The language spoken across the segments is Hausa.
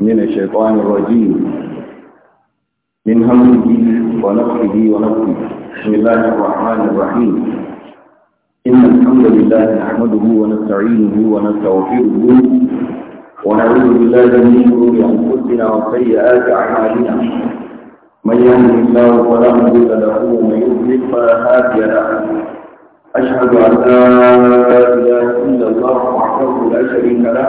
من الشيطان الرجيم من همه ونفسه ونفسه بسم الله الرحمن الرحيم إن الحمد لله نحمده ونستعينه ونستغفره ونعوذ بالله من شرور أنفسنا وسيئات أعمالنا من يهده الله فلا مضل له ومن يضلل فلا هادي له أشهد أن لا إله إلا الله وحده لا شريك له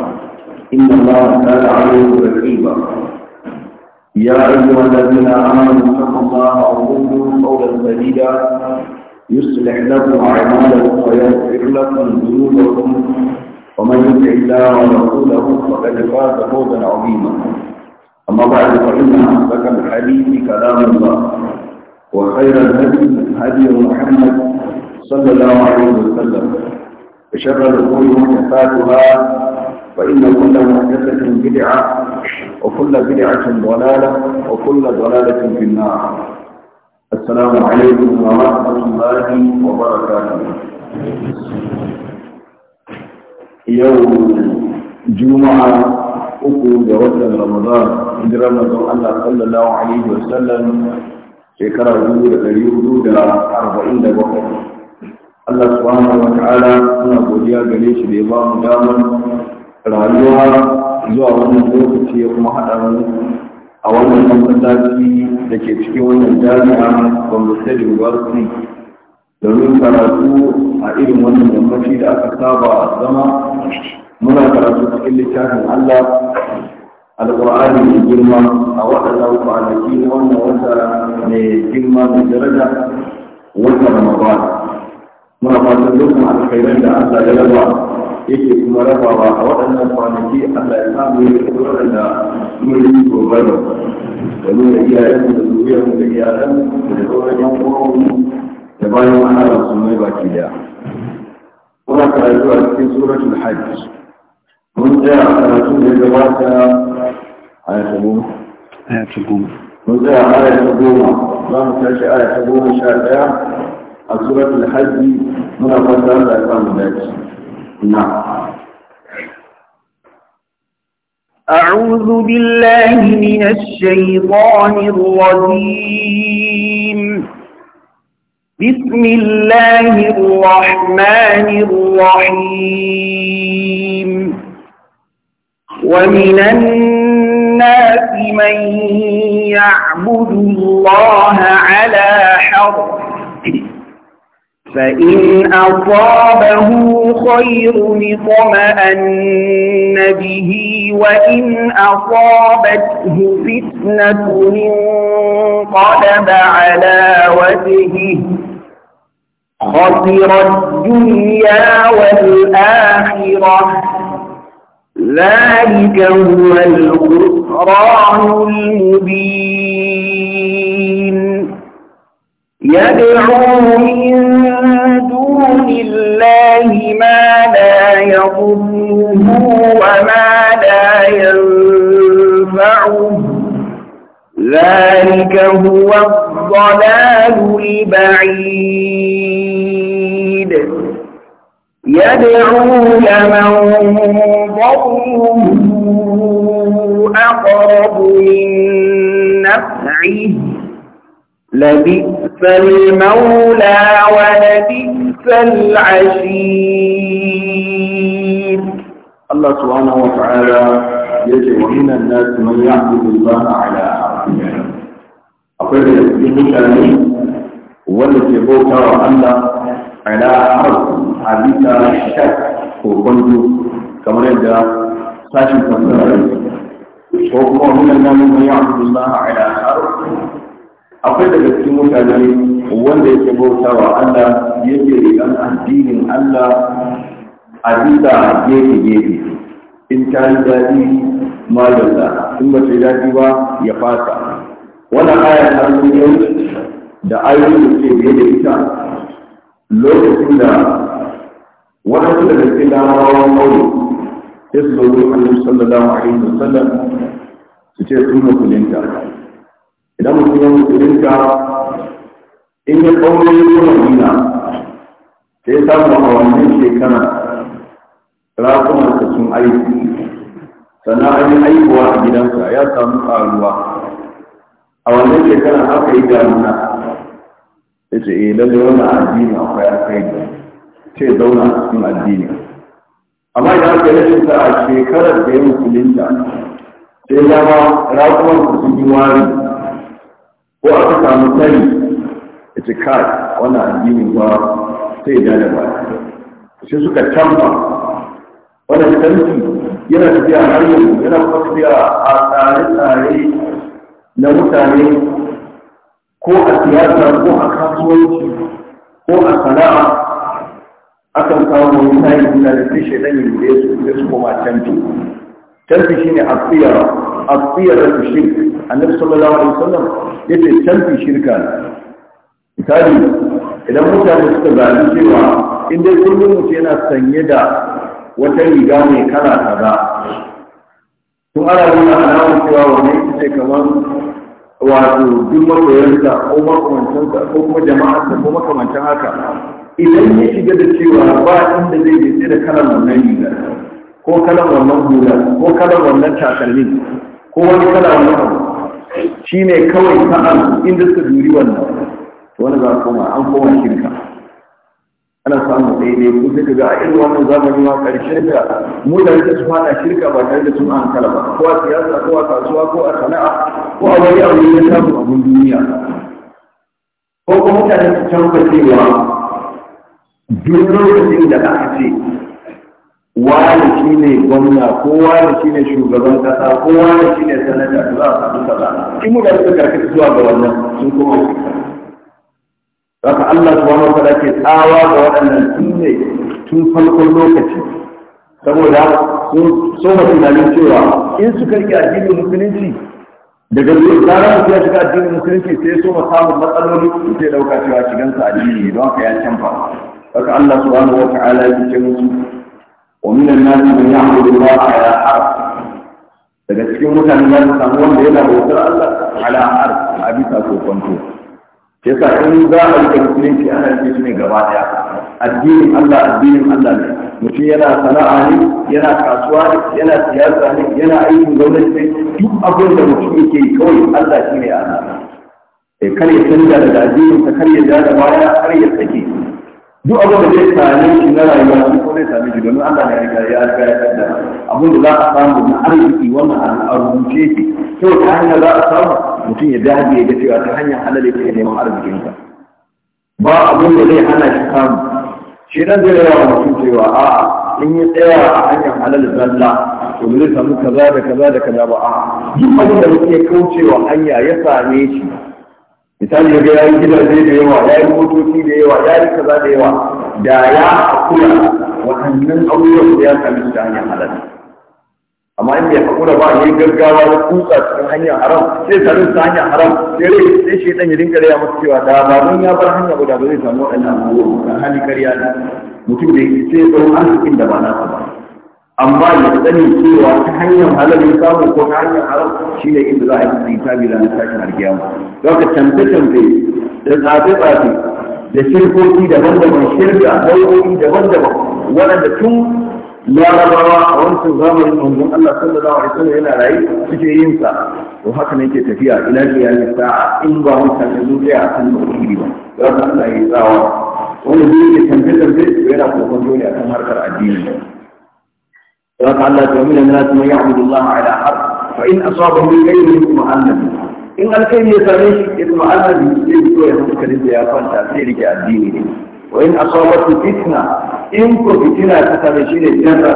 إن الله كان عليه رقيبا يا أيها الذين آمنوا اتقوا الله وقولوا قولا سديدا يصلح لكم أعمالكم ويغفر لكم ذنوبكم ومن يطع الله ورسوله فقد فاز فوزا عظيما أما بعد فإن أصدق الحديث كلام الله وخير الهدي هدي محمد صلى الله عليه وسلم وشر الأمور محدثاتها فإن كل محدثة بدعة وكل بدعة ضلالة وكل ضلالة في النار السلام عليكم ورحمة الله وبركاته يوم جمعة أكو جوزا رمضان إذ رمضان الله صلى الله عليه وسلم شكرا جميل اليهود أربعين دقائق Allah subhanahu wa ta'ala muna godiya gare shi da ya ba mu damar rayuwa zuwa wannan lokaci ya kuma haɗa mu a wannan masallaci da ke cikin wannan jami'a Gombe State University domin karatu a irin wannan yammaci da aka saba a zama muna karatu cikin littafin Allah alƙur'ani mai girma a waɗannan kwanaki na wannan wata mai girma mai daraja wata ramadan muna fatan dukkan alkhairan da Allah ya raba yake kuma rabawa a waɗannan kwanaki Allah ya samu ya kuma waɗanda mun yi gobe da domin da iyayen da zuriyar da iyayen da sauran yan uwan da bayan ana da su mai baki daya muna karatu a cikin suratul hajj mun tsaya a karatu da gabata a yata goma mun tsaya a yata goma za mu tashi a yata goma sha ɗaya a suratul hajj muna fata da ya samu dace نعم أعوذ بالله من الشيطان الرجيم بسم الله الرحمن الرحيم ومن الناس من يعبد الله على حرف فإن أصابه خير اطمأن به وإن أصابته فتنة انقلب على وجهه خسر الدنيا والآخرة ذلك هو الخسران المبين يدعو من دون الله ما لا يضره وما لا ينفعه ذلك هو الضلال البعيد يدعو لمن ضره أقرب من نفعه لبئس المولى ولبئس العشير الله سبحانه وتعالى يجب من الناس من يعبد الله على أقول اقل من شانه والتي ترى على حرفه عبيد الشك وقلت كما عند ساشي تفسير من الناس من يعبد الله على حرفه akwai daga cikin mutane wanda yake bautawa Allah yake rigan addinin Allah a bisa gefe gefe in ta yi daɗi ma in ba ta yi daɗi ba ya fasa wannan aya har rubuta da ayoyin da ke da ita lokacin da waɗansu daga cikin larabawan mawuyi sai su zo annabi sallallahu alaihi wasallam su ce sun musulunta idan mutum ya rinka in ya kawo ya kuma nuna sai ya samu a wannan shekara rakumarsa sun aiki sannan an yi aikuwa a gidansa ya samu ƙaruwa a wannan shekara aka yi garuna ya ce eh lalle wannan addini akwai da ce zauna a cikin addini amma idan aka yi shekara a shekarar da ya musulunta sai ya ba rakumar su sun yi wari ko aka samu sani ita kai wani addini ba sai ya da ba sai suka canfa wani canfi yana tafiya har yanzu yana kuma tafiya a tsare-tsare na mutane ko a siyasa ko a kasuwanci ko a sana'a akan samu wani na da fi shaidan yanzu ya su koma canfi canfi shine a tsiyarwa asiyar shirk annabi sallallahu alaihi wasallam yace canfi shirka misali idan mutane suka zaɓi cewa in dai kullum mutum yana sanye da wata riga mai kala kaza tun ana nuna alamar cewa wani ita ce kamar wato duk makoyarsa ko makamancinsa ko kuma jama'arsa ko makamancin haka idan ya shiga da cewa ba inda zai je sai da kalan wannan riga ko kalan wannan hula ko kalan wannan takalmin ko wani kana wani abu shi ne kawai sa'an inda suka juri wannan to wani za a koma an koma shirka ana samun daidai ko sai ka ga a irin wannan zamani ma karshen da mutane da su fada shirka ba tare da sun an kala ba ko a siyasa ko a kasuwa ko a sana'a ko a wani abu ne na samun abun duniya ko kuma mutane su canza cewa duk lokacin da aka ce wani shi ne gwamna ko wani shi ne shugaban kasa ko wani shi ne sanata da za a samu kaza shi mu da suka karkata zuwa ga wannan sun koma Raka Allah su wa ta'ala ke tsawa ga waɗannan tun ne tun farkon lokaci saboda sun soma tunanin cewa in suka rike addinin musulunci daga zuwa tsara mutum ya shiga addinin musulunci sai soma samun matsaloli sai ɗauka cewa shigansa addini don haka ya canfa Raka Allah subhanahu wa ta'ala ya ce musu ومن الناس من يعبد الله على حرف daga cikin mutane za su samu wanda yana bautar Allah ala har a bisa kokonto ke sa in za a yi musulunci ana yi shi ne gaba daya addinin Allah addinin Allah ne mutum yana sana'a ne yana kasuwa ne yana siyasa ne yana aikin gwamnati ne duk abin da mutum yake yi kawai Allah shi ne Allah eh kar ya canja daga addinin ka kar ya ja da baya kar ya sake duk abin da zai same shi na rayuwa shi ko zai sami shi domin Allah ya riga ya riga ya kada abin da za a samu na arziki wannan al'arubuce shi kyau ta hanyar za a samu mutum ya dage ya ga cewa ta hanyar halal ya yake neman arzikinsa ba abin da zai hana shi samu shi dan zai yawa mutum cewa a in yi tsaya a hanyar halal zalla to zai samu kaza da kaza da kaza ba a duk abin da mutum ya kaucewa hanya ya same shi misali ga yayi gidaje da yawa yayi motoci da yawa yayi kaza da yawa da ya akula wannan abubuwan da ya sami da hanyar halal amma in bai hakura ba ne gaggawa da kuka cikin hanyar haram sai sanin ta hanyar haram sai rai sai shi dan ya dinga raya masa cewa da ba ya bar hanya ba da ba zai samu waɗannan abubuwan hali ne mutum da yake sai an arzikin da ba na ba amma ya sani cewa ta hanyar halal ya samu ko ta hanyar haram shi ne inda za a yi hisabi da tashin alkiyama don ka canta canta da tsafe-tsafe da shirkoki daban-daban shirka nau'o'i daban-daban waɗanda tun larabawa a wancan zamanin manzon Allah sallallahu alaihi wasallam yana rayu suke yin sa to haka ne ke tafiya ila kiyamin sa'a in ba mu ya zo a kan tauhidi ba za ka Allah ya yi tsawa Wani zai ke canta canta yana kokon dole a kan harkar addini فقال الله ومن الناس من يعبد الله على حرف فإن أصابه الخير يطمئن إن الخير يسامح يطمئن به يبدو يحبك لله فأنت تحرك الدين وإن أصابته فتنة إن فتنة تسامحين الجنة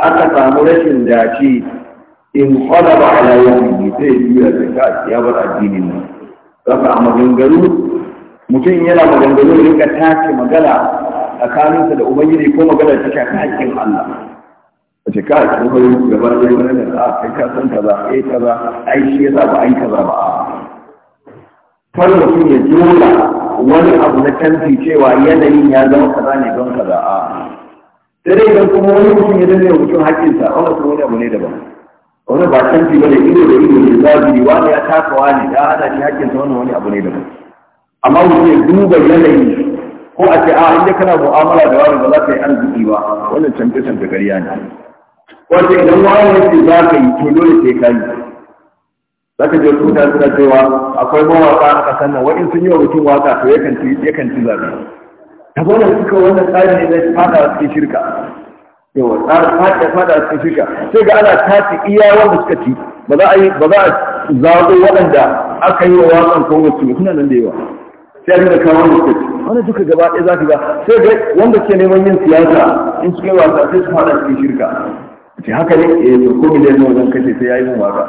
أتى مرش داشي in kwalaba ala yawon zai juya da ka ya bar addinin a mutum yana maganganu rinka tace magana tsakaninsa da ubangiji ko magana ta shafi hakkin Allah a ce kai kun hau gaba da yi wani da a ah, kai ka san kaza ai eh, kaza ai shi yasa ba ai kaza ba a kar mutum ya jona wani abu na canfi cewa yanayin ya zama kaza ne don kaza a sai dai idan kuma wani mutum ya zama mutum a wani kuma wani abu ne daban wani ba canfi bane ido da ido ne zabi wani ya taka wani ya hada shi haƙƙinsa wani wani abu ne daban amma mutum ya duba yanayi ko a ce a ah, inda kana mu'amala da wani ba za ka yi arziki ba wannan canfe-canfe ƙarya ne wanda idan wani yake za ka yi to dole sai ka yi za ka je wasu suna cewa akwai mawaka a ƙasar nan wa'in sun yi wa mutum waka to yakan ci yakan ci zaɓe ta da suka wannan tsari ne na fada cikin shirka yawa tsari fada fada cikin shirka sai ga ana tafi iya wanda suka ci ba za a yi ba za a zaɓo waɗanda aka yi wa wakan ko wasu suna nan da yawa sai a kawo wanda suka ci wanda duka gaba ɗaya za ka ga sai ga wanda ke neman yin siyasa in suka yi wasa sai su fada cikin shirka ce haka ne eh to ko miliyan nawa wajen kashe sai yayi mun waka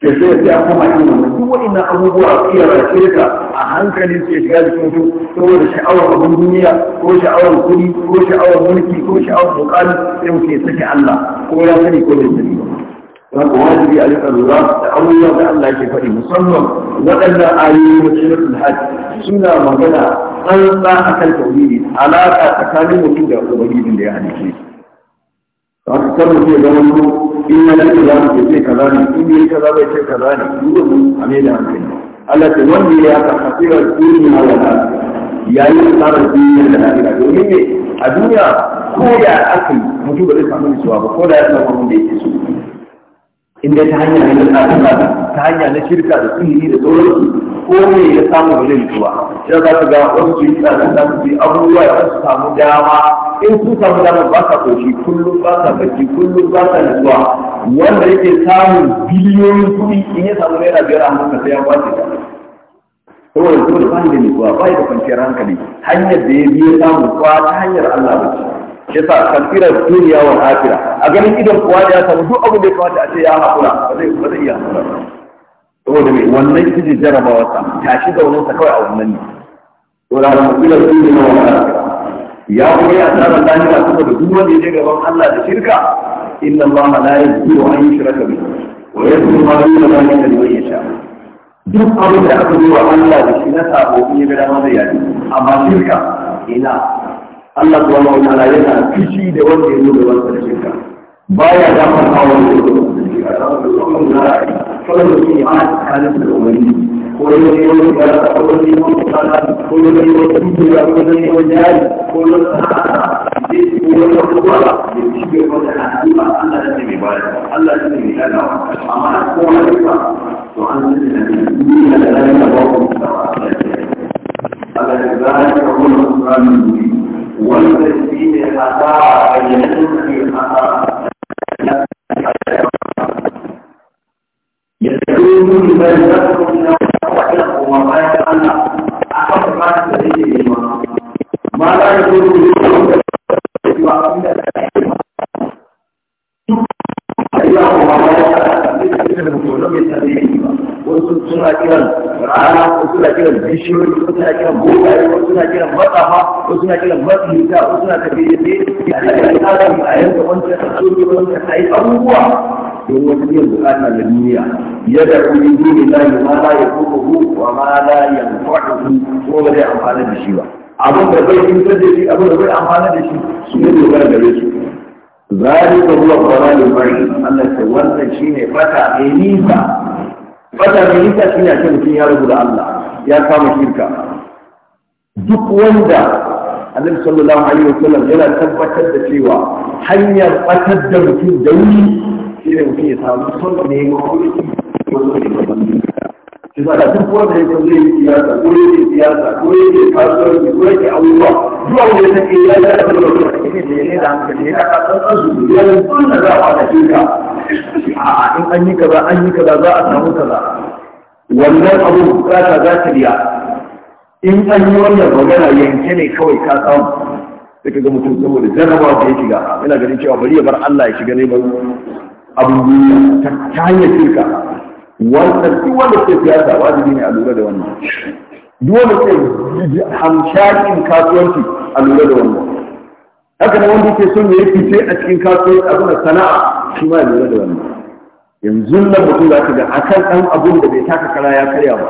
ke sai sai an kama yin wannan duk wa'annan abubuwa a kiyar ka a hankali sai shiga jikin mutum saboda sha'awar abin duniya ko sha'awar kuɗi ko sha'awar mulki ko sha'awar mukami sai mutum ya sake Allah ko ya sani ko bai sani ba haka wajibi a rika lura da abubuwa da Allah ke faɗi musamman waɗannan ayoyi na suratul hajj suna magana tsantsa akan tauhidi alaka tsakanin mutum da ubangijin da ya halice shi haka kar mu ce zama su in ya ce za mu ce kaza ne in ya kaza bai ce kaza ne duk mun a mai da hankali Allah ce wanda ya ka hasirar duniya wa na yayi asarar duniya da lafiya domin ne a duniya ko ya aka mutu mutum ba zai samu nutsuwa ba ko da ya samu abin da yake so in dai ta hanya ne na ta hanya na shirka da tsiri da sauransu ko ya samu ba zai fito ba za ga wasu su yi tsarin za su yi abubuwa ya su samu dama in sun samu dama ba sa koshi kullum ba sa bacci kullum ba sa nutsuwa wanda yake samun biliyoyin kuɗi in ya samu naira biyar a hannunka sai ya kwace ta saboda kuma da bani da nutsuwa ba da kwanciyar hankali hanyar da ya biyo samu kwa ta hanyar Allah ba ce yasa kalfirar duniya wa kafira, a ganin idan kuwa ya samu duk abin da ya kamata a ce ya haƙura ba zai iya haƙura saboda mai wannan ita ce jarabawa sa tashi da wani kawai a wannan ne to da mutuwar su ne na wannan ya kuma yi asarar lahira saboda duk wanda ya je gaban Allah da shirka inna Allah la yuzilu an yushraka bihi wa yadhkuru ma duna dhalika liman yasha duk abin da aka yi wa Allah da shi na sabo in ya ga dama zai yaji amma shirka ina Allah subhanahu wa ta'ala yana fishi da wanda ya zo gaban sa da shirka baya da farkawa da shirka kawai da ke ana tsakanin da umarni ko da ne wani gara ko da ne wani tsada ko da ne wani tsada ko da ne wani jari ko da ne wani tsada da shi bai wata na hannu Allah ne mai bayar Allah ne mai lalawa amma a kowa ne ba to an zai da ne ni da lalata ba ku da Allah ya zai ka kuma tsarin wanda shi ne hata a yanzu ne hata يذكرون بما يذكر من وحده وما يتعنى أحد ما يستطيع الإيمان ما لا يقول به suna kiran rana wasu suna kiran bishiyoyi wasu suna kiran bokaye wasu suna kiran matsafa wasu suna kiran matsiyuta wasu suna tafiye-tafiye a yanzu a yanzu wancan a soke wancan a abubuwa don wata biyan bukata na duniya yadda kuma dole lahi ma la ya kuma hu wa ma la ya fa'ahu ko ba zai amfana da shi ba abin da bai cutar da shi abin da zai amfana da shi su ne dogara gare su zalika huwa da bari Allah ta wannan shi ne fata mai nisa fata mai nisa shi ne a ce mutum ya rubuta Allah ya kama shirka duk wanda annabi sallallahu alaihi wasallam yana tabbatar da cewa hanyar batar da mutum da wuri shi ne mutum ya samu son neman mulki wanda ne gaban shi sa da duk wanda ya san zai yi siyasa ko ya yi siyasa ko ya yi kasuwanci ko ya yi abubuwa zuwa wani ya ke ya yi da ya ne da hankali ya ka san san su ya yi sun da za a da shi ka a in an yi kaza an yi kaza za a samu kaza wannan abu bukata za ta biya in an yi wannan magana yanke ne kawai ka samu sai ka ga mutum saboda jarrabawa da ya shiga ina ganin cewa bari ya bar Allah ya shiga ne ba abin duniya ta hanyar shirka wannan duk wanda ke siyasa wajibi ne a lura da wannan duk wanda ke hamshakin kasuwanci a lura da wannan haka da wanda ke son ya yi fice a cikin kasuwanci abin sana'a shi ma ya lura da wannan yanzu nan mutum za ka ga akan ɗan abin da bai taka kara ya karya ba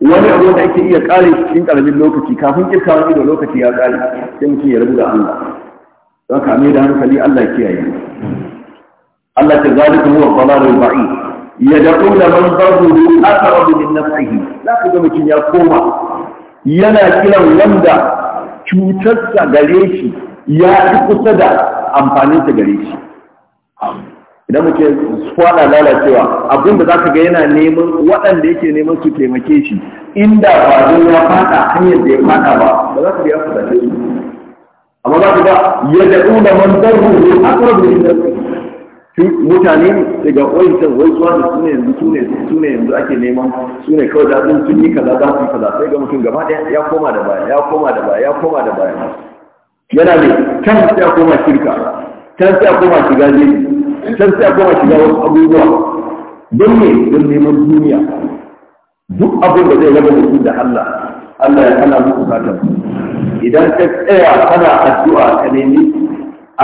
wani abu da ake iya kare cikin karamin lokaci kafin kirkawan ido lokaci ya kare sai mutum ya rabu da Allah don ka mai da hankali Allah kiyaye Allah ta zalika huwa dalalul ba'id yad'una man darruhu aqrabu na naf'ihi za ka ga mutum ya koma yana kiran wanda cutarsa gare shi ya fi kusa da amfaninsa gare shi idan muke kwana lalacewa abin da za ka ga yana neman waɗanda yake neman su taimake shi inda ba don ya fada hanyar da ya fada ba ba za ka ga ya fada shi amma za ka ga ya da'u da man darru ne na da mutane daga wai zuwa da suna yanzu su ne yanzu ake neman su ne kawai da sun yi kaza za su yi kaza sai ga mutum gaba ɗaya ya koma da baya ya koma da baya ya koma da baya yana ne can sai ya koma shirka can sai ya koma shiga jini can sai ya koma shiga wasu abubuwa don ne don neman duniya duk abin da zai raba mutum da Allah Allah ya hana muku fatan idan ka tsaya kana addu'a ka nemi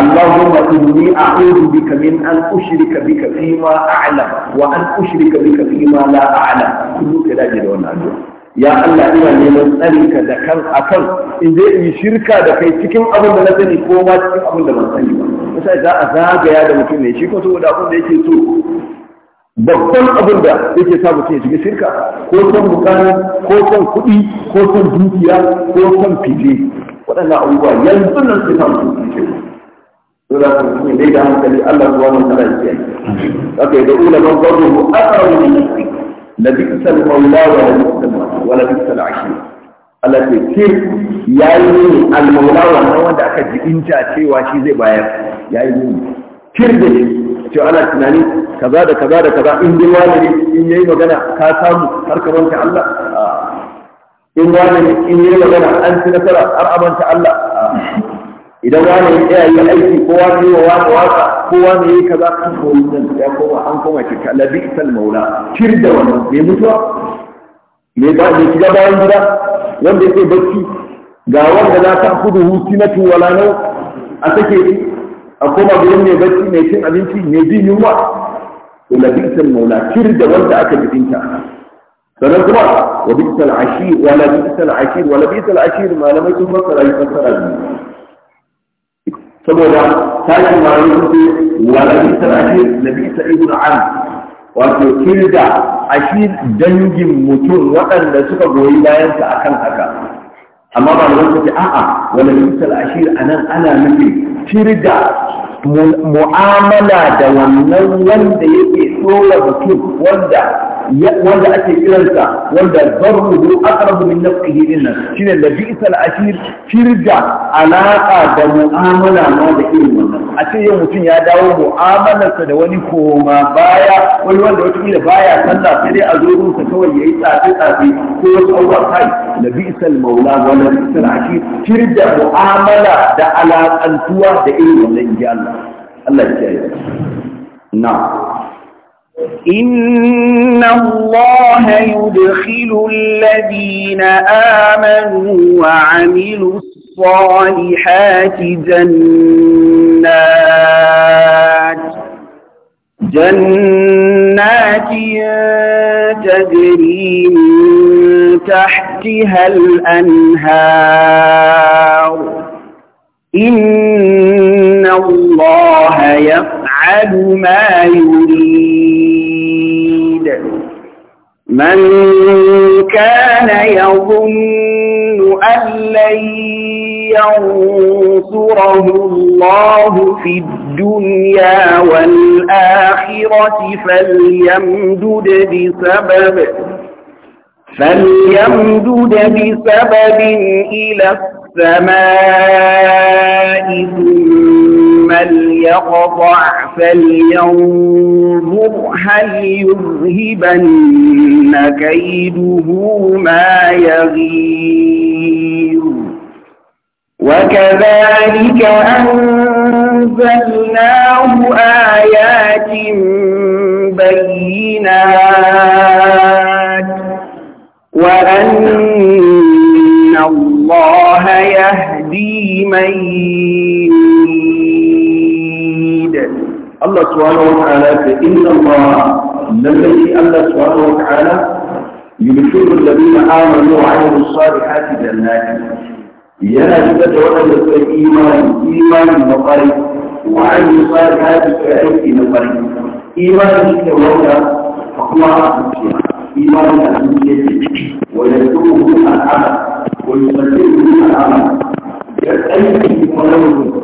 اللهم إني أعوذ بك من أن أشرك بك فيما أعلم وأن أشرك بك فيما لا أعلم كل كلام يدعون أجل ya Allah ina neman tsarinka da kan akan in je in shirka da kai cikin abin da na sani ko ma cikin abin da ban sani ba misali za a zagaya da mutum ne abin da so babban abin da yake sa mutum ya shiga shirka ko son bukana ko son kuɗi ko son dukiya ko son fili waɗannan abubuwa yanzu nan sai sa mutum ya shiga to da ku ne dai da hankali Allah subhanahu wa ta'ala ya yi aka yi da ulama babu akara min nafsi la bi'sa al mawla wa la bi'sa al wa la bi'sa al ashir Allah ce ke yayi ne al mawla wa wanda aka jibinta cewa shi zai bayar yayi ne kir da shi ce ana tunani kaza da kaza da kaza in dai wani ne in yayi magana ka samu har ka manta Allah in wani ne in yayi magana an ci nasara har amanta Allah idan wani ya tsaya yi aiki ko wani yi wa wani waka ko wani yi kaza kan koyi nan ya koma an koma shirka labi isal maula shir da wannan mai mutuwa mai ba mai shiga bayan gida wanda yake bacci ga wanda za ta kudu hutu na tuwala nau a take shi a koma gurin mai bacci mai cin abinci mai bi yunwa to labi isal maula shir da wanda aka jibinta sannan kuma wa bi isal ashir wa labi isal ashir wa labi isal ashir malamai sun fassara yi fassara biyu saboda tashin wani kuke wani sanashi na bisa ibn an wato kirga a shi dangin mutum waɗanda suka goyi bayansa kan haka amma ba da wani a'a wani bisa ashir a nan ana nufin kirga mu'amala da wannan wanda yake tsola mutum wanda wanda ake kiransa wanda zarruhu aqrabu min nafsihi dinna shine da bi'sal ashir firda alaka da mu'amala ma da irin wannan a ce yau mutum ya dawo mu'amalarsa da wani koma baya wani wanda wata kila baya sallah sai dai a zo rusa kawai ya yi tsafi tsafi ko wasu abubuwa kai da bi'sal maula wala bi'sal ashir firda mu'amala da alakantuwa da irin wannan ya Allah Allah ya kiyaye na إن الله يدخل الذين آمنوا وعملوا الصالحات جنات جنات تجري من تحتها الأنهار إن الله يفعل ما يريد من كان يظن أن لن ينصره الله في الدنيا والآخرة فليمدد بسبب فليمدد بسبب إلى السماء ثم فليقطع فلينظر هل يذهبن كيده ما يغير وكذلك أنزلناه آيات بينات وأن الله يهدي من الله سبحانه وتعالى فإن الله الذي الله سبحانه وتعالى يبشر الذين آمنوا وعملوا الصالحات جنات يلا جدد وأن الإيمان إيمان مقري وعملوا الصالحات كأيدي مقري إيمان كوجه فقمع إيمان الأمنية ويسوه العمل ويسلمه العمل كأيدي مقري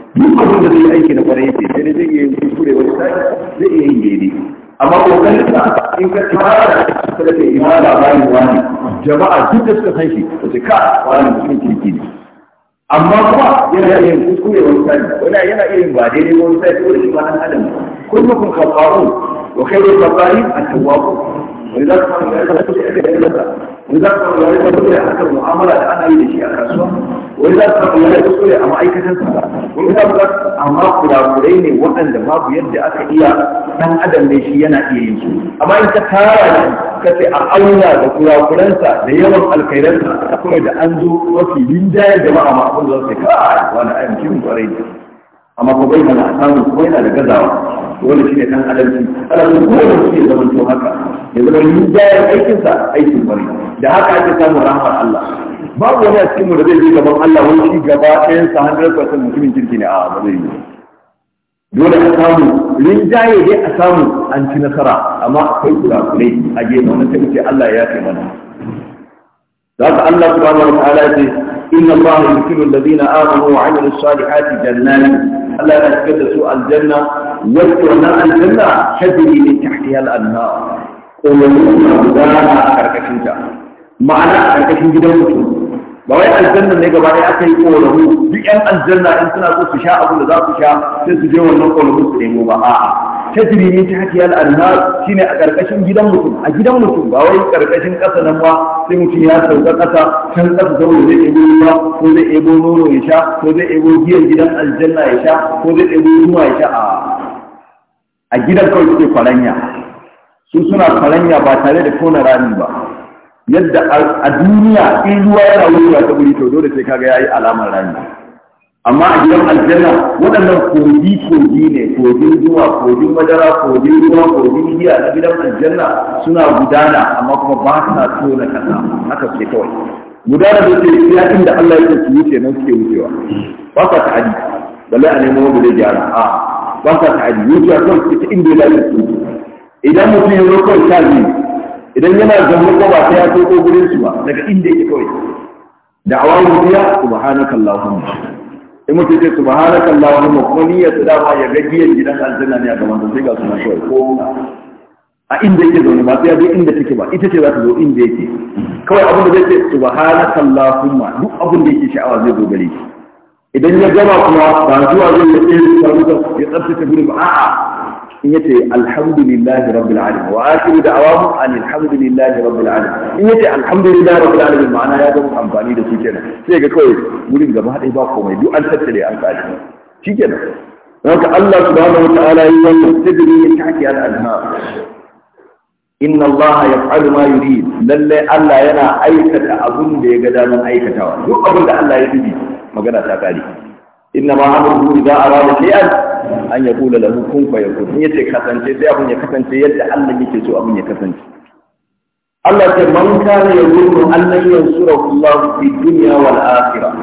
duk abin da zai aiki na kwarai ce sai zai iya yin kuskure wani sai zai iya yin daidai amma kokarin sa in ka da ta da imama bayan wani jama'a duk da suka san shi to sai ka wani mutum kirki ne amma kuma yana iya yin kuskure wani sai wani yana iya yin ba daidai wani sai ko da shi ma dan adam kullukum khata'un wa khayrul khata'in Wani za ka كانوا يعرفون أكثر من ذلك وإذا mu'amala da ana yi da shi a kasuwa? wani za su samu yana kuskure a ma'aikatan sa wani za su amma kurakurai ne waɗanda babu yadda aka iya ɗan adam ne shi yana iya yin su amma in ka tara shi ka ce a auna da kurakuransa da yawan alkairansa kuma da an zo mafi linjayar jama'a ma abin da za su kai wani ayyukan kimin kwarai amma ko bai hana samun ko yana da gazawa Wani shi ne dan adalci ana so ko da shi zaman to haka ya zama ni jayar aikin sa da haka ake samun rahmar Allah babu wani a cikin mu da zai je gaban Allah wani shi gaba ɗayan sa 100% mutumin kirki ne a ba zai yi dole a samu rinjaye dai a samu an ci nasara amma akwai kurakurai a gefe wani sai Allah ya kai mana za ka Allah subhanahu wa ta'ala ce inna Allah yudkhilu alladhina amanu wa 'amilu salihati jannati Allah ya shigar da su aljanna wacce wannan aljanna tajri min tahtiha al-anhar ko a ma'ana a karkashin gidan mutum ba wai aljanna ne gaba ɗaya aka yi ƙoramu duk ƴan aljanna in suna so su sha abu da za su sha sai su je wannan ƙoramu su nemo ba a'a ne ta tahtiha al Shi ne a ƙarƙashin gidan mutum a gidan mutum ba wai ƙarƙashin ƙasa nan ba sai mutum ya sauka ƙasa can ƙasa saboda zai ɗebo ruwa ko zai ɗebo nono ya sha ko zai ɗebo giyan gidan aljanna ya sha ko zai ɗebo ruwa ya sha a gidan kawai suke kwalanya. su suna kwalanya ba tare da kona rami ba yadda a duniya in ruwa yana wuri ta wuri to dole sai kaga yayi alamar rani amma a gidan aljanna waɗannan kogi kogi ne kogin zuwa kogin madara kogin ruwa kogin giya na gidan aljanna suna gudana amma kuma ba sa na kasa haka ce kawai gudana da ya iya inda Allah ya ce su wuce nan suke wucewa ba sa ta'adi balle a nemo wanda zai gyara a ba sa ta'adi wucewa kawai ita inda ya lafiya idan mutum ya zo kawai sha biyu idan yana zaune ko ba sai ya ko gurin su ba daga inda yake kawai da awa rubiya subhanaka allahumma in mutum ce subhanaka allahumma ko niyya su dama ya ga giyan gidan aljanna ne a gaban sa sai ga suna kawai ko a inda yake zaune ba sai ya je inda take ba ita ce za ta zo inda yake kawai abin da zai ce subhanaka allahumma duk abin da yake sha'awa zai zo gare shi idan ya gama kuma ba zuwa zai ya da ya tsaftace gurin ba a'a in yace alhamdulillahi rabbil alamin wa akhiru da'awamu alhamdulillahi rabbil alamin in yace alhamdulillahi rabbil alamin ma'ana ya zama amfani da su kenan sai ga kawai wurin gaba ɗaya ba komai duk an tattare an tsari shikenan haka Allah subhanahu wataala yi wannan tajri ya taki al anhar inna Allah yaf'alu ma yuri lalle Allah yana aikata abun da ya ga daman aikatawa duk abun da Allah ya yi magana ta kare inna ma amruhu idza arada shay'an an ya kula lahu kun ya yakun in yace kasance sai abun ya kasance yadda Allah yake so abun ya kasance Allah ce man kana yaqulu Allah sura Allah fi dunya wal akhirah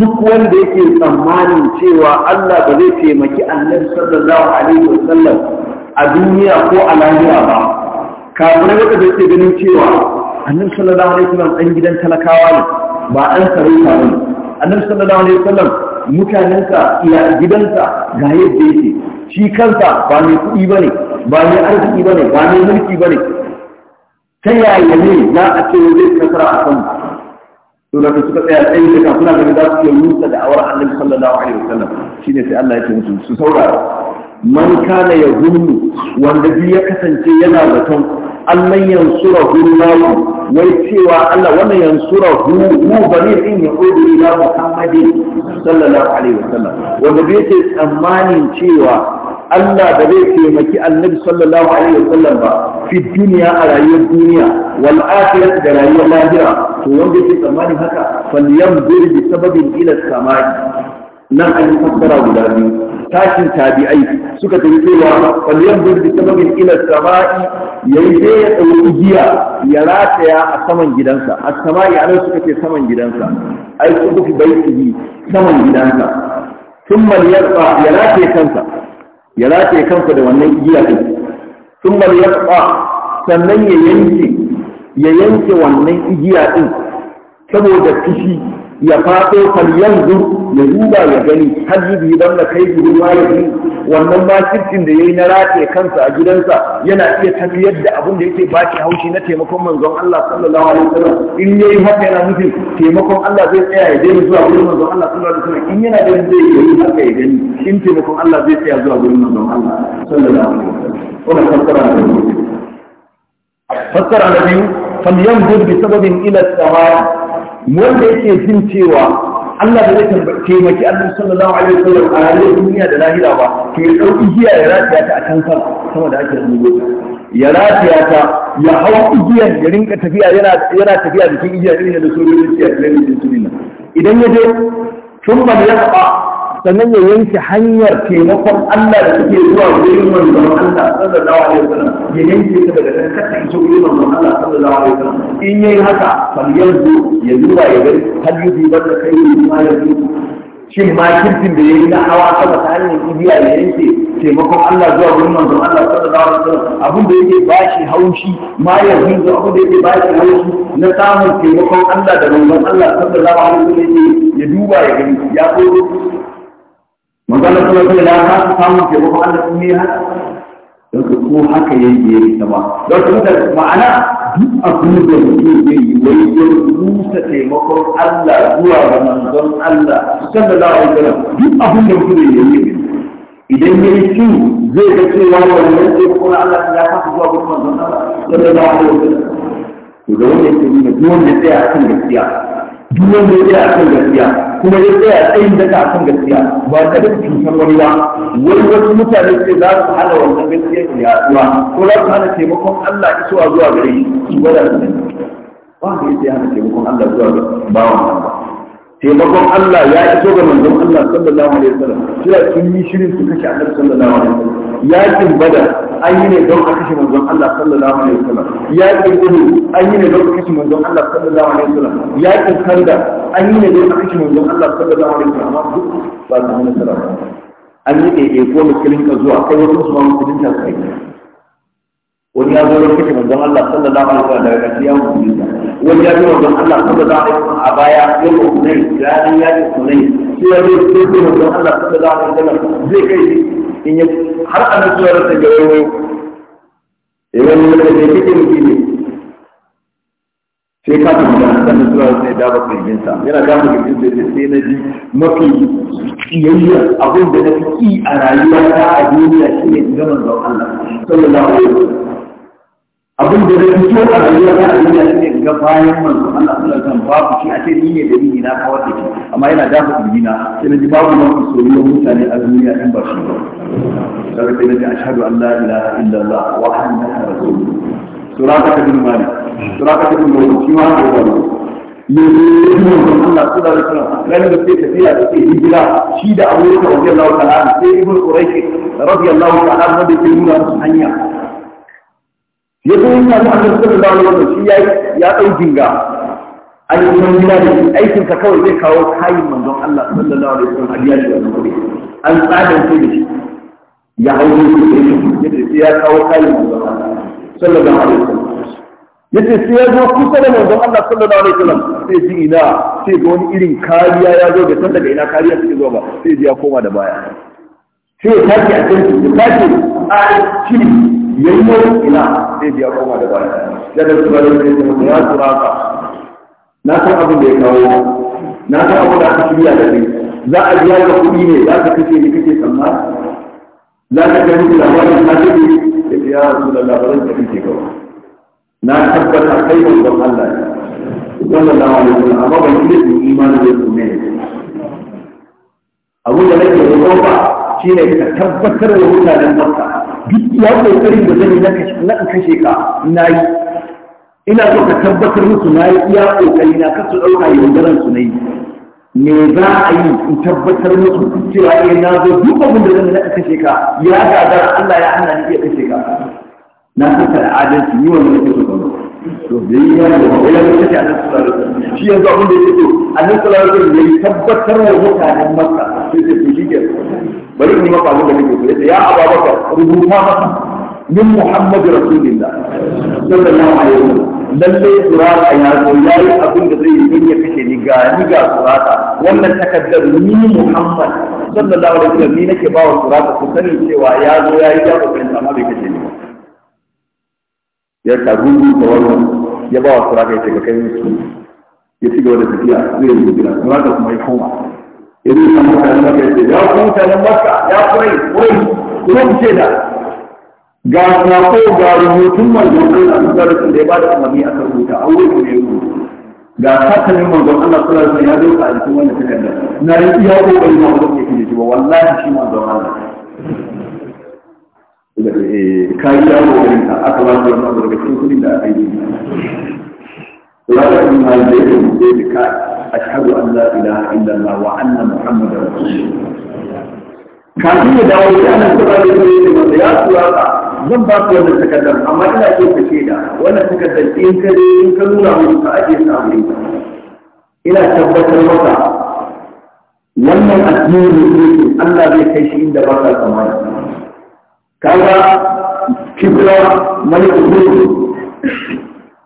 duk wanda yake tsammanin cewa Allah ba zai taimaki Annabi sallallahu alaihi wasallam a duniya ko a lahira ba kafin da yake da ganin cewa Annabi sallallahu alaihi wasallam dan gidan talakawa ne ba an sarauta ba Annabi sallallahu alaihi wasallam mutanensa iya gidansa ga yadda yake shi kansa ba mai kuɗi ba ne ba mai arziki ba ne ba mai mulki ba ne ta yaya ne za a ce zai kasara a kan to da suka tsaya tsayi da kafuna da za su yi rusa da awar annabi sallallahu alaihi wasallam shine sai Allah ya ce musu su saurara man kana yazunnu wanda bi ya kasance yana zaton Allah yansura hullahu wai cewa Allah wannan yansura hu bari din ya kudu ila Muhammadin sallallahu alaihi wasallam wanda bai ce tsammanin cewa Allah da zai taimaki annabi sallallahu alaihi wasallam ba fi duniya a rayuwar duniya wal akhirah da rayuwar lahira to wanda yake tsammanin haka falyamdur bi sababin ila samai nan an fassara guda biyu tashin tabi'ai suka tafi cewa waliyan bin bi sababin ila sama'i yayi dai ya dauki giya ya rataya a saman gidansa a sama'i anan suka ce saman gidansa ai su bai su baitihi saman gidansa thumma yarqa ya rataya kansa ya rataya kansa da wannan giya din thumma yarqa sannan ya yanke ya yanke wannan igiya ɗin saboda fishi ya fato falyanzu ya duba ya gani har yi bi don da kai biyu ma ya gani wannan makircin da ya yi na rataye kansa a gidansa yana iya tafiyar da abin da yake baki haushi na taimakon manzon Allah sallallahu alaihi wasallam in ya yi haka yana nufin taimakon Allah zai tsaya ya daina zuwa gurin manzon Allah sallallahu alaihi wasallam in yana da zai yi haka ya gani in taimakon Allah zai tsaya zuwa gurin manzon Allah sallallahu alaihi wasallam wannan fassara da biyu fassara da biyu falyanzu bi sababin ila samaa wanda yake jin cewa Allah da zai taimaki Allah sallallahu alaihi wasallam a rayuwar duniya da lahira ba ke dauki giya ya rafiya ta a kan sama sama da ake zuwa ya rafiya ta ya hau igiyar ya rinka tafiya yana yana tafiya cikin igiyar irin da sojojin ciya da irin da idan ya je tun ba ya taba sannan ya yanke hanyar taimakon Allah da suke zuwa gurin manzon Allah sallallahu alaihi wasallam ya yanke ta daga kan kasa iso gurin manzon Allah sallallahu alaihi wasallam in yayi haka fal yanzu ya duba ya gani hal yubi banda kai ni, ma ya duba shin ma kirkin da ya yi na hawa sama ta hanyar ibiya da yanke taimakon Allah zuwa wurin manzon Allah sallallahu alaihi wasallam abin da yake bashi haushi ma ya zuwa abin da yake bashi haushi na samun taimakon Allah da manzon Allah sallallahu alaihi wasallam ya duba ya gani ya koyo magana kuma sai da ka samu ke ba Allah kun yi haka don ka ko haka yayi yayi ta ba don kuma da ma'ana duk abin da yake yi wai ya rusa taimakon Allah zuwa ga manzon Allah sallallahu alaihi wasallam duk abin da mutum yake yi idan yayi shi zai ga cewa wannan taimakon Allah ya fasa zuwa ga manzon Allah sallallahu alaihi wasallam to da wannan yake nuna duk wanda tsaya akan gaskiya duk wanda ya tsaya kan gaskiya kuma ya tsaya tsayin daga kan gaskiya ba ta da cutar wani ba wani wasu mutane ce za su hana wannan gaskiya ke yaduwa ko za su hana taimakon Allah isuwa zuwa gare shi su gwada su da ba da yi hana taimakon Allah zuwa ga bawan Allah taimakon Allah ya iso ga manzon Allah sallallahu alaihi wasallam kira sun yi shirin su kashe Annabi sallallahu alaihi wasallam yakin bada an yi ne don a kashe manzon Allah sallallahu alaihi wasallam yakin uhud an yi ne don a kashe manzon Allah sallallahu alaihi wasallam yakin kanda an yi ne don a kashe manzon Allah sallallahu alaihi wasallam amma duk ba su hana salama an yi ɗaiɗai ko musulun ka zuwa kai wasu su ma musulun ta kai wani ya zo don kashe manzon Allah sallallahu alaihi wasallam daga ƙarshe ya wani ya zo manzon Allah sallallahu alaihi wasallam a baya yau ko kunai ranar yakin kunai sai ya zo sai manzon Allah sallallahu alaihi wasallam zai kai in ya har an zuwa rasa ga wani eh wani wanda ke kike miki ne sai ka tafi da san zuwa rasa ya dawo kirgin sa yana kama kirgin sa sai na ji mafi kiyayya abin da na fi a rayuwa ta a duniya shine ga manzon Allah sallallahu alaihi wasallam abin da zai fito a rayuwa ta duniya shi ne ga bayan manzo Allah sallallahu alaihi wasallam babu shi a ce ni ne da ni na kawar da shi amma yana dafa dubina sai na ji babu nan soyayya mutane a duniya in ba shi ba sai sai na ji ashhadu an la ilaha illallah wa anna rasulullah suraka ibn malik suraka ibn malik shi ma da wani ne ne Allah sallallahu alaihi wasallam ran da sai tafiya da sai hijira shi da Abu Bakar radiyallahu ta'ala sai ibn Quraysh radiyallahu ta'ala da ke nuna hanya ya zo yin kasu ba sallallahu wani wasallam ya ya dau jinga a cikin gina da aikin ka kawai zai kawo kayin manzon Allah sallallahu alaihi wasallam a biya shi wannan kuɗi an tsadan sai da shi ya hawo shi sai ya kawo kayin manzon Allah sallallahu alaihi wasallam yace sai ya zo kusa da manzon Allah sallallahu alaihi wasallam sai ji ina sai ga wani irin kariya ya zo da san daga ina kariya take zuwa ba sai ji ya koma da baya sai ya tashi a cikin ya tashi a cikin yayyar ina zai biya koma da baya da da su bari sai ta ya turaka na san abin da ya kawo na san abin da aka shirya da kai za a biya ka kuɗi ne za ka kace ni kake sanna za ka ga ni labarin ka kake da biya su da labarin da kake kawo na tabbata kai ban Allah ne sallallahu alaihi wasallam amma ban yi da imani da su ne abu da nake roƙon ba shine ka tabbatar da mutanen Makka duk ya kokarin da zai na kashe ka na yi ina so ka tabbatar musu na yi iya kokari na kasu ɗauka yaudaran su na yi me za a yi in tabbatar musu cewa eh na zo duk abin da zan na kashe ka ya gagara Allah ya hana ni iya kashe ka na saka da adalci ni wani nake so to bai ya da wani ya kace annabi sallallahu alaihi wasallam shi yanzu abin da yake to annabi sallallahu alaihi wasallam ya tabbatar wa mutanen Makka sai sai shi ke bari in maka abin da kake so yace ya ababaka rubuta maka min muhammad rasulillah sallallahu alaihi wasallam lalle surata ya zo yayi abin da zai yi ya kace ni ga ni ga surata wannan takaddar ni muhammad sallallahu alaihi wasallam ni nake ba wa surata ku sani cewa ya zo yayi ya ba kai amma bai kace ni ba ya tarubu da wannan ya ba wa surata ya ce ka kai musu ya ci gaba da tafiya zai yi gida surata kuma ya koma irin da mutanen maka ce ya mutanen maka ya kurai kurai kuma ce da ga sako ga rubutun manzon Allah sun zarafin da ya ba da umarni aka rubuta a wurin ne ga sakanin manzon Allah sun zarafin ya zo a cikin wannan takarda na yi iya kokari ma wanda yake da ba wallahi shi manzon Allah eh, kayi yawo wurin ka aka ba da wannan daga cikin kudin da aka yi. Rada kuma da yake da kai ashhadu an la ilaha illallah wa anna muhammadar rasulullah kafin ya dawo da ana sura da yake yi masa ya tura ka zan ba ku wannan takardar amma ina so ka shaida wannan takardar in ka in ka nuna mu ka aje ta amuri ina tabbatar maka wannan addini ne Allah zai kai shi inda ba ka tsammani kaga kibra mai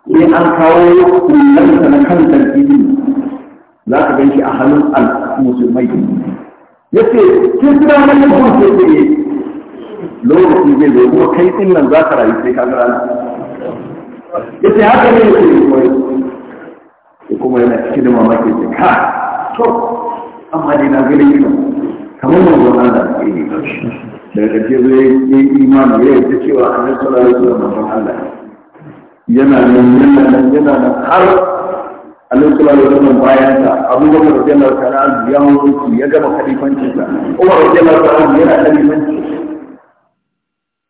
ne an kawo kullum na kan tarbiyyar za ka gan shi a hannun al-musulmai ya ce kin suna nan yin kuma sai zai lokaci zai zo kuma kai din nan za ka rayu sai ka gara ya ce haka ne ya ce kuma ya kuma yana cikin da mamaki ya ka to amma dai na gani yi kamar mai zuwa da ke yi daga ƙarshe zai yi imanu ya yi ta cewa a nan sallallahu alaihi wa Allah yana nan yana nan yana nan har annabi sallallahu alaihi wasallam bayan sa abubakar radiyallahu ta'ala anhu ya mutu ya gama khalifancin sa umar radiyallahu ta'ala anhu yana khalifanci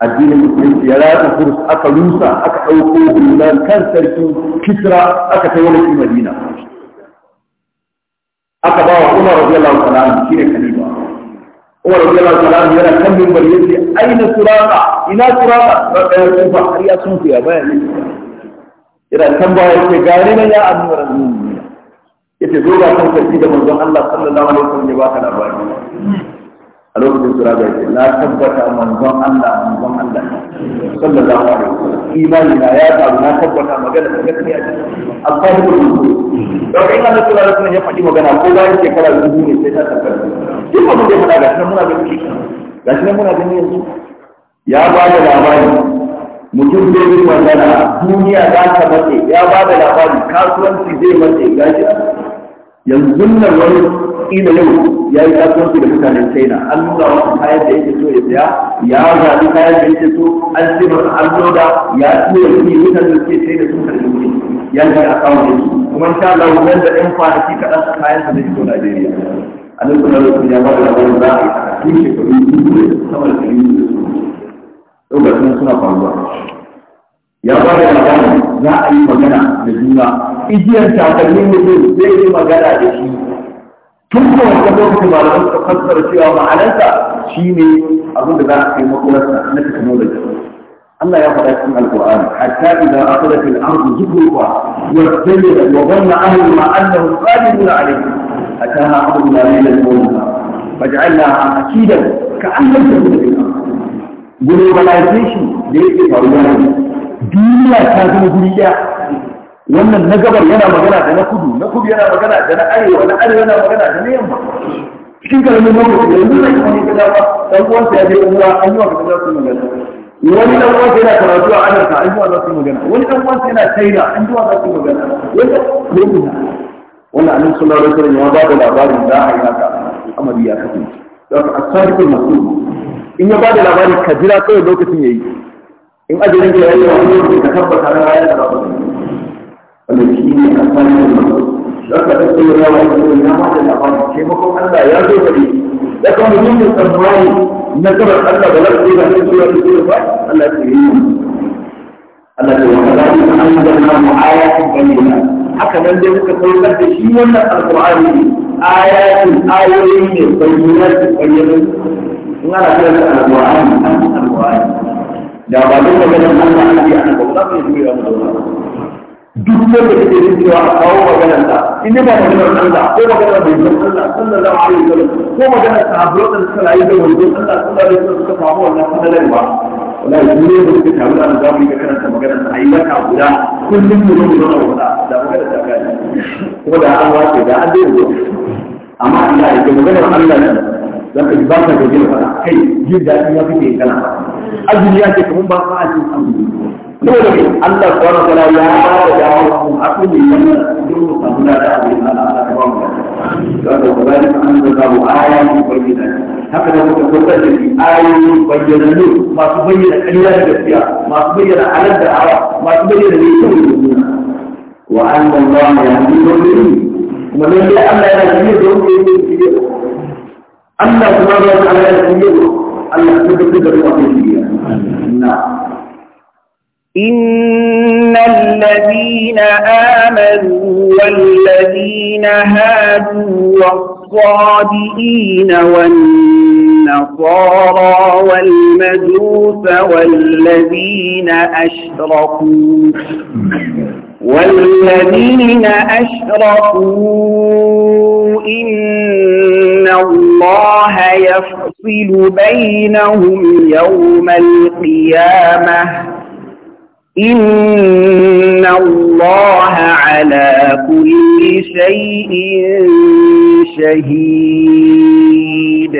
addinin musulunci ya ratsa kurs aka rusa aka ɗauko hulan kan sarki kisra aka kai wani madina aka ba wa umar radiyallahu ta'ala anhu shine khalifa umar radiyallahu ta'ala anhu yana kan minbar yace aina suraka ina suraka ba ya tsufa har ya tsufa ya bayani yana tambaya yake gari na ya annura mu'mini yake zo ga kan sarki da manzon Allah sallallahu alaihi wasallam ya baka labari a lokacin sura ga yake na tabbata manzon Allah manzon Allah sallallahu alaihi wasallam imani na ya tabu na tabbata magana da gaskiya ce da kuma da kai na sallallahu da kuma ya faɗi magana ko bayan shekara dubu ne sai ta tabbata duk wanda ya faɗa ga nan muna ganin shi ga nan muna ganin yanzu ya ba da labari mutum zai yi magana duniya za ta matse ya ba da labari kasuwanci zai matse gashi yanzu nan wani ina yau ya yi kasuwanci da mutanen china an nuna wasu kayan da yake so ya saya, ya zaɓi kayan da yake so an ce masa an loda ya tura kuɗi mutanen da sai da sun karɓi kuɗi ya ji a kawo ne kuma in sha Allah nan da ɗan kwanaki kaɗan kayan sa zai fito Najeriya a nan kuma ya ba da labarin za a yi a cikin shekaru sama da ɗari biyu da su lokacin suna faruwa ya ba da labarin za a yi magana da juna igiyar takalmin mutum zai yi magana da shi tun da wata lokaci malaman suka fassara cewa ma'anarsa shi ne abin da za a kai makonarsa na technology Allah ya faɗa cikin Alƙur'ani hatta idan akhadhat al-ard zukruha wa zayyalat wa dhanna ahluha annahum qadiruna alayha ataha amruna laylan wa nahara faj'alnaha akidan ka'annam takunu bil-ard globalization da yake faruwa ne duniya ta zama guri ɗaya wannan na gabar yana magana da na kudu na kudu yana magana da na arewa na arewa yana magana da na yamma cikin karamin lokaci da yanzu na kuma ga dama dan uwansa ya je umra an yi wa ka za su magana wani dan uwansa yana karatu a Amurka an yi wa za su magana wani dan uwansa yana China an yi wa za su magana wani lokaci wannan annabi sallallahu alaihi wasallam ya ba da labarin da a yi haka amari ya kasance don a sadiqul mas'ul in ya ba da labari ka jira kawai lokacin ya yi in ajalin ka yayi wani lokaci ka tabbata na bayan da ba wanda shi ne a sanin da za ka tafi da yawa da yawa ya ba da labari taimakon Allah ya zo gare da kuma mutumin tsammani na gabar Allah ba za su yi ba sai su yi su yi ba Allah ya yi Allah ya yi Allah ya yi an zanna mu ayatin bayyana haka nan dai muka saukar da shi wannan alƙur'ani ayatin ayoyi ne bayyana bayyana in ana kiran sa alqur'ani an san alqur'ani a ba a maganar Allah ana yi ana ba za mu yi da wannan duk wanda kake jin cewa a kawo maganar sa in ba maganar Allah ko maganar bai san Allah sallallahu alaihi wasallam ko maganar sahabbai da suka rayu da wajen Allah sallallahu alaihi wasallam suka samu wannan fadalar ba wallahi duk ne da suka taru an zamu karanta maganar sa ayi guda kullum ne zo mu zo da maganar ta kai ko da an wace da an dai amma Allah ya ga maganar Allah ne dan ka ba ka gaje fara kai jin daɗi ya fice kana azumi ya ce kuma ba ka ajin azumi saboda me Allah subhanahu wa ta'ala ya ba da dawo mu aku ne dan duk mu samu da abin Allah Allah ta ba mu da to da bayan an da zamu ayati bayyana haka da muka kokar da ayoyi bayyana ne masu bayyana ƙarya da gaskiya masu bayyana alal da hawa masu bayyana ne kawai da nuna wa anna Allah ya hadi dole kuma lalle Allah yana da yadda yake أما subhanahu على ta'ala ya yi Allah ya إن الذين آمنوا والذين هادوا والصابئين والنصارى والمجوس والذين أشركوا والذين أشركوا إن الله يفصل بينهم يوم القيامة إن الله على كل شيء شهيد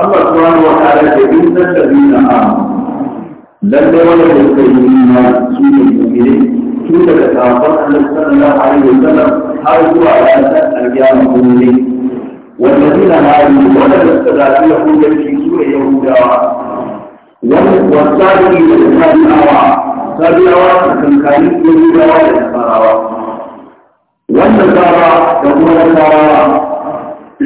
الله سبحانه وتعالى يقول الذين آمنوا لن يولد الذين سوء tun daga safon annabtar na hari da har zuwa ranar karfiya na kundi wanda zina hari wanda da suka zafi ya hujjarci su ne ya hujjawa wani wasa da yi da sabiyawa sabiyawa da ya hujjawa wannan sara da kuma na sarawa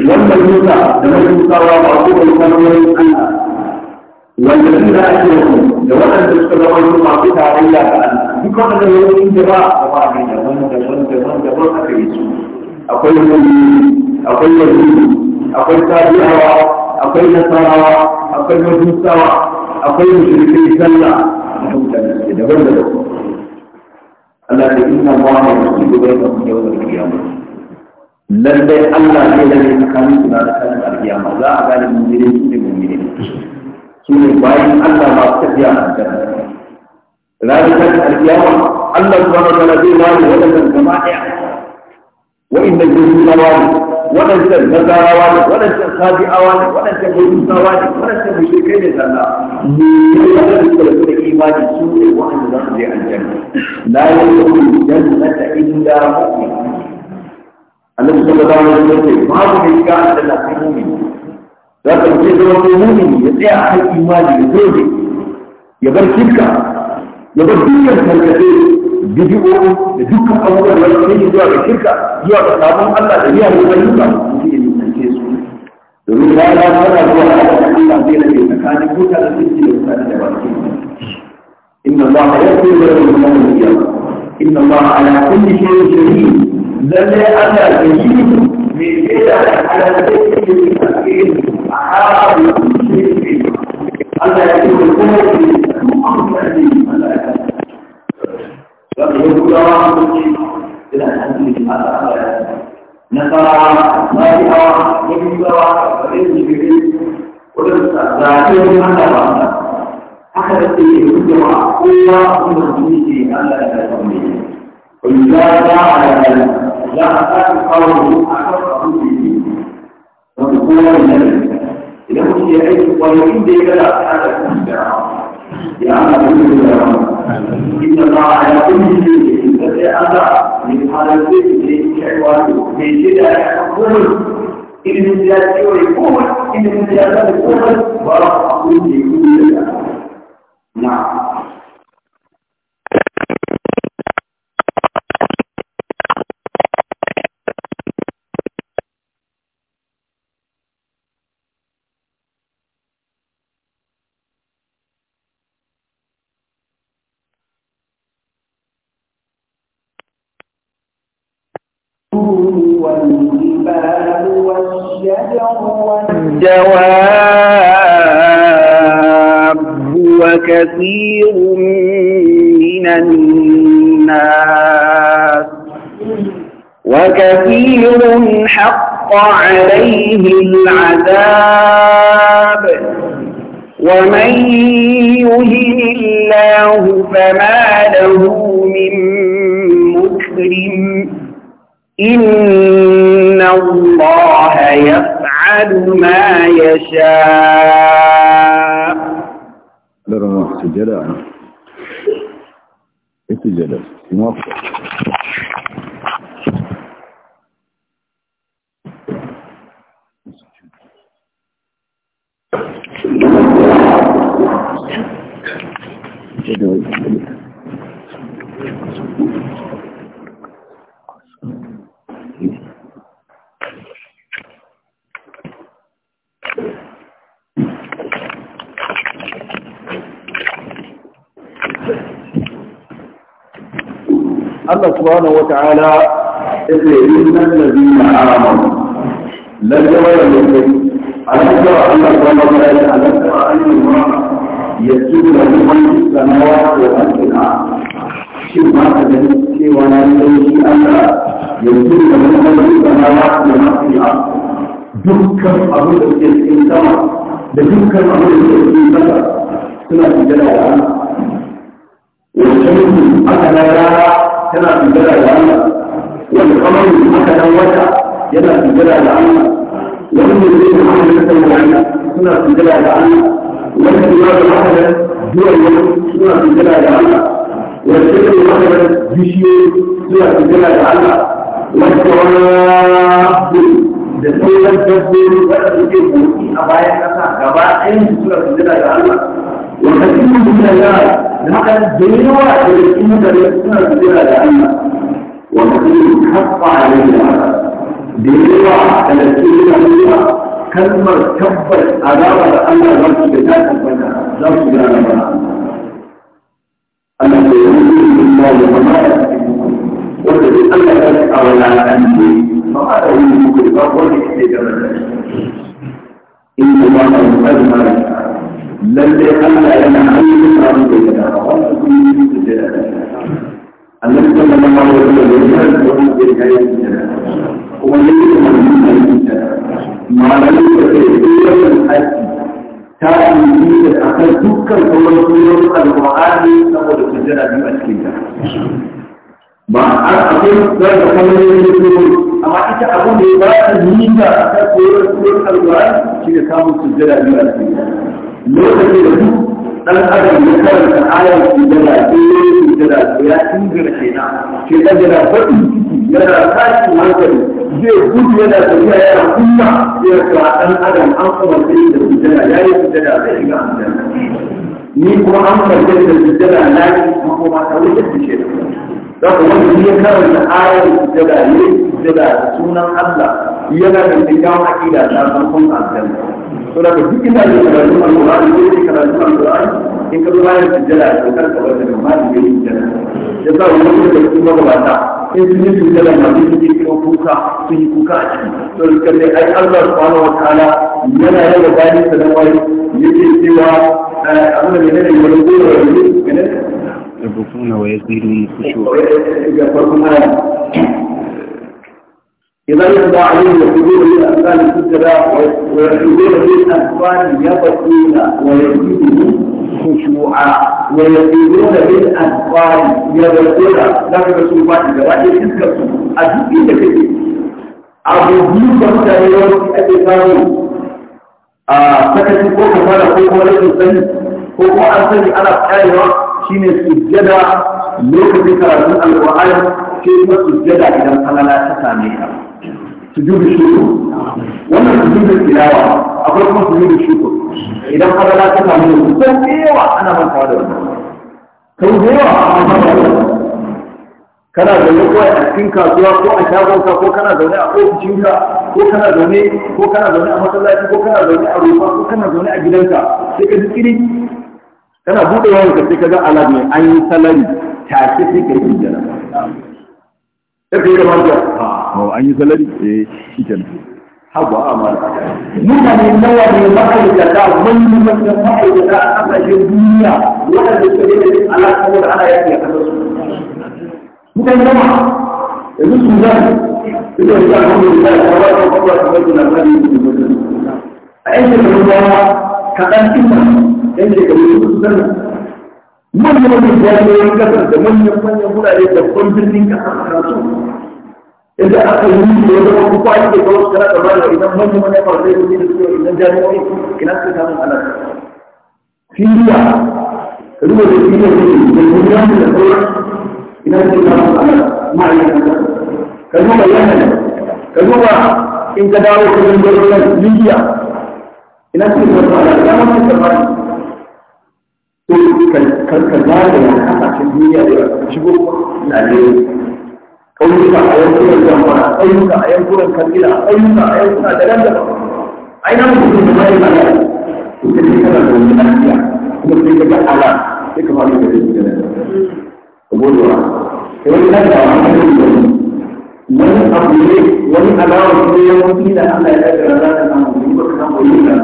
wannan nuna da na nuna ba ko da kuma na wannan da ake yi da waɗanda suka zama yi masu tarayya da Allah duk wanda a mafi daban-daban daban akwai akwai akwai akwai akwai Allah wani lallai Allah ne da ne tsakanin su na tsakanin za a gane mummire ne su ne bayan Allah ba su tafiya a aljanna ranar tashin alkiyama Allah subhanahu wa ta'ala zai ware wadannan gaba daya wa'annan jirginawa ne waɗancan nasarawa ne waɗancan sabi'awa ne waɗancan bujusawa ne waɗancan mushrikai ne Ni ne zama da rasu da imani su ne wa'anda za su je aljanna na yadkhulu jannata illa mu'min Allah subhanahu wa ta'ala ya babu mai shiga aljanna sai mu'min za ka ce zama ko mumini ya tsaya a kan imani ya zoje ya bar shirka ya bar dukkan tarkace bidiyo da dukkan abubuwan da wani ke zuwa ga shirka zuwa ga sabon Allah da biya da ayyuka shi ne ce su domin ya ya fara zuwa ga Allah zai rage tsakanin ta da suke da mutanen da ba su inna yau ya fi da wani mutanen da a Allah ala kulli shay'in shahid lalle Allah ya yi من كده على الذكر حاول الله يكون قوة نصر صالحا وجبا وإنجيل ولم تأتي من الله أخذت الجمعة قوة من جنسي على الأمين ويجازى على الأمين لا أقول أكثر به وتقول النبي إذا كنت يعيش ويعيد بلا هذا المستعار يا إن الله على كل شيء استطاع من حالته في شعوره من شدة قوة إن من زيادة قوة إن من زيادة قوة ورفع كل شيء نعم والجبال والدواب وكثير من الناس وكثير حق عليه العذاب ومن يهن الله فما له من مكرم إن الله يفعل ما يشاء لرمى سجلاء إيه سجلاء موافق الله سبحانه وتعالى إن الذين آمنوا لن يرى أن الله سبحانه وتعالى أن يسير من السماوات والأرض شو ما أن يكون من السماوات dukkan abin da suke cikin sama da dukkan abin da suke cikin sama suna cikin da wani wacce mutum aka na rana tana dogara da Allah wani kamar haka nan wata yana dogara da Allah wani ne zai da hannun sai suna dogara da Allah wani ne zai da hannun duwan suna dogara da Allah wani ne zai da hannun suna dogara da Allah wani kawai da sauran dabbobi suke a bayan ƙasa gaba ɗayan su suna dogara da Allah وكثير من الناس نقل دينها الى السنه ليكون بها لعنه وكثير حق عليها دينها الى السنه بها كلمه كبر عذاب الله لم تبدا لم تبدا لها الذي يؤمن بالله وما والذي الله يسأل على أنه فقال يؤمن بالله والاحتجاب إن الله مؤمن lalle Allah yana aiki da abu da ya dafa wannan kuma da ya dafa Allah sallallahu alaihi wa sallam ya yi da ya yi da kuma ne da mun yi da malamin da ke yin aiki ta yi da akan dukkan sauran sunan alqur'ani saboda sujjada biyu a cikin ta ba a akwai za ka kallon yin sunan amma ita abu da ya ba ta yi da akan sauran sunan alqur'ani shi ne samun sujjada biyu a cikin ta lokacin da duk dan adam ya karanta ayar sujada sai ya yi sujada to ya inganta shaitan shaitan yana faɗi ciki yana tashi hankali zai gudu yana tafiya yana kuma ya ga dan adam an kuma sai da sujada ya yi sujada zai shiga aljanna ni kuma an farce da sujada na yi kuma ta wuce da shaitan da kuma wanda ya karanta ayar sujada ya yi sujada sunan Allah yana da kyawun aqida ta farkon aljanna to da duk inda ake karatun alƙur'ani ko yake karatun alƙur'ani in ka zo bayan sujjada a kan ka bar daga ma da yayi sujjada ya sa wani mutum da kuma gabata in sun yi sujjada ma sun yi kiro kuka sun yi kuka a ciki to da kai ai Allah wa wataala yana yaga bayan sa da wai yake cewa abin da ne ne wani gora ne ne يبكون ويزيدون خشوعا إذا يقضى عليهم الحدود للأسفال الكتبة ويحدود بالأسفال يبكون ويزيدهم خشوعا ويزيدون بالأسفال يبكون لكن بسوفات الجواجه تذكروا أجيب كثير أجل بيوت التغيرات أتفاهم سكتي ko kafara ko ko rashin sani ko ko an sani ana tsayawa shine sujjada lokacin karatun alqur'ani sai kuma sujjada idan Allah ta same ka sujudu shukur wannan sujudu tilawa akwai kuma sujudu shukur idan ka ga ta samu da kusan yawa ana mantawa da wannan Kan da yawa ana mantawa da wannan kana zaune ko a cikin kasuwa ko a ka, ko kana zaune a ofishin ka, ko kana zaune ko kana zaune a masallaci ko kana zaune a rufa ko kana zaune a gidanka sai ka ji kiri kana buɗe wani ka sai ka ga alam an yi salari take sai ka yi jira sai ka yi kamar o an yi salari eh shi kenan hawa amara mutane nawa ne ma'aikata wani mutum ma'aikata a ƙasashen duniya waɗanda suka ne da Allah saboda ana yaki a ƙasar su mutane nawa yanzu su zan ita da ya kuma da ta ba ta kuma ta bai na bari a yanzu da ruwa kaɗan ina yanzu da ruwa su zan manyan manyan jami'an da manyan manyan wurare da kwamfirnin ƙasar a ƙasar idan aka yi da wanda zama kuka yi da kawai kana da idan manyan manyan farzai da suke da idan jami'o'i ina suka samu alaƙa filiya ruwa da filiya ne da kuma da sauran ina suka samu alaƙa ma'aikata ka duba yamen ka ba in ka dawo ka zangar nan libya ina suka samu alaƙa ya mafi tsammani to ka zaga ya kasashen duniya da shigo na Najeriya ƙauyuka a yankunan zamfara ƙauyuka a yankunan kabila ƙauyuka a yankunan da daban a na mutum da mai mana to ta ce kana da wani lafiya kuma sai ka ga ala sai ka fara da shi da nan ka gode wa sai wani lafiya wa ka gode wani abu ne wani alawa ne ya mutu da Allah ya kaddara za ta samu ba ka samu yi ka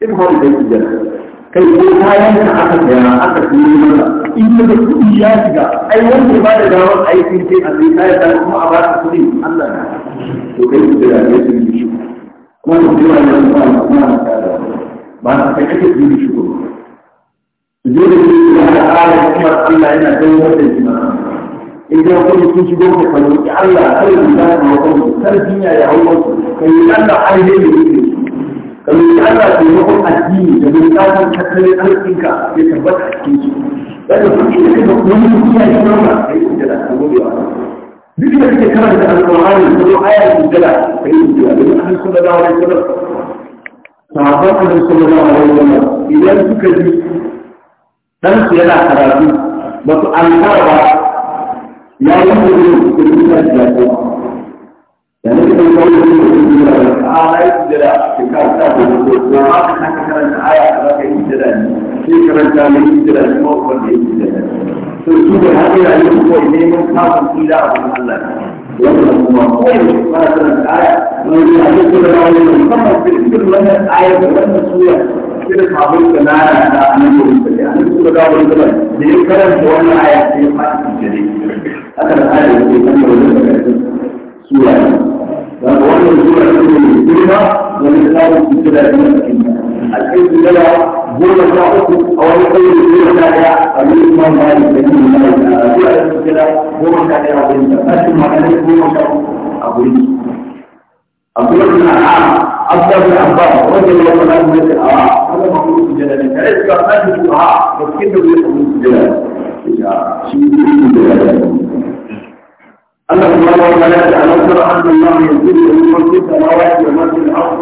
sai ka fara da shi da nan kai ko kayan da aka aka kuma mana in kuɗi ya shiga ai ba da damar a yi a sai kayan da kuma a ba ka kuɗi Allah na to kai da ya sun yi shi kuma da kuma ya ba na kuma na ba na kai kake shi ko su je da shi da ala kuma Allah yana ganin wanda shi ma in ga sun shigo Allah kai da ya ba ka ya kai Allah ai ne ne kamar yi Allah taimakon addini da mai tsawon tattalin arzikinka ya tabbata a cikin su yadda kuɗi da kuma wani kuɗi ya yi noma da yi kujala a gobe wa duk da kake karanta alƙur'ani da kuma aya da kujala ka yi kujala domin an sun da dawo da kujala sahabban annabi sallallahu alaihi wasallam idan suka ji dan su yana karatu ba su an ba ya yi kujala da kujala يعني كل قول يقول على الجلاء في كتاب وما كان كان آية على الجلاء في كلام الجلاء ما هو الجلاء فسوف هذه الآية هو إمام كتاب إلى الله وما هو ما كان آية من الآية كل ما هو مصطفى في كل من آية من سورة كل كابل كنا أنا أقول يعني كل كابل كنا ليكلم هو آية في ما الجلاء هذا الآية في كل سورة والقرآن يقول الحمد لله والإسلام في كذا الحمد لله هو الشاعر أو يقول الدين الشاعر أمير ما لا يمكن أن كذا هو الشاعر أبو الناس ما كان هو الشاعر أبو عبد الله بن عام عبد الله بن عباس رضي الله عنه من الآراء هذا مخلوق الجلال فليس كأنه الدعاء وكله يخلق الجلال شيء أن الله وملائكته أن أخبر أن الله ينزل الأمور في السماوات وما في الأرض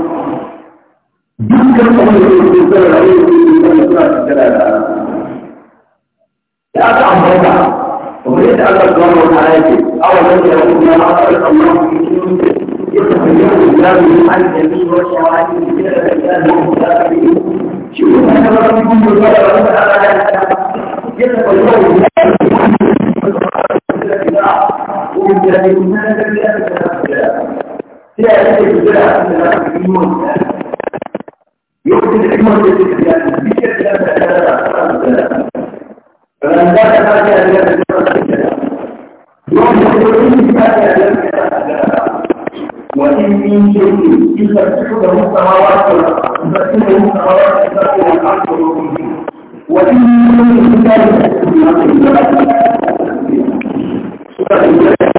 ذكر أمر الإنسان العليم في الإنسان الثلاثة لا تعمل ومريد أن الله وملائكته أولا يقول ما أخبر الله في الإنسان يتخيل الله من عن اليمين والشمال من الرجال والمسافرين شوف هذا ربكم بالبلد وسأل على الإنسان يتخيل الله الأرض ومن ذلك الناس الذي أتى سيأتي الجزاء من المليون يؤتي الحكمة للإسلام بشكل فمن لا تفاجأ بهذا وإن من شيء إلا تحده السماوات والأرض تحده السماوات والأرض وإن من شيء إلا تحده السماوات والأرض Thank you.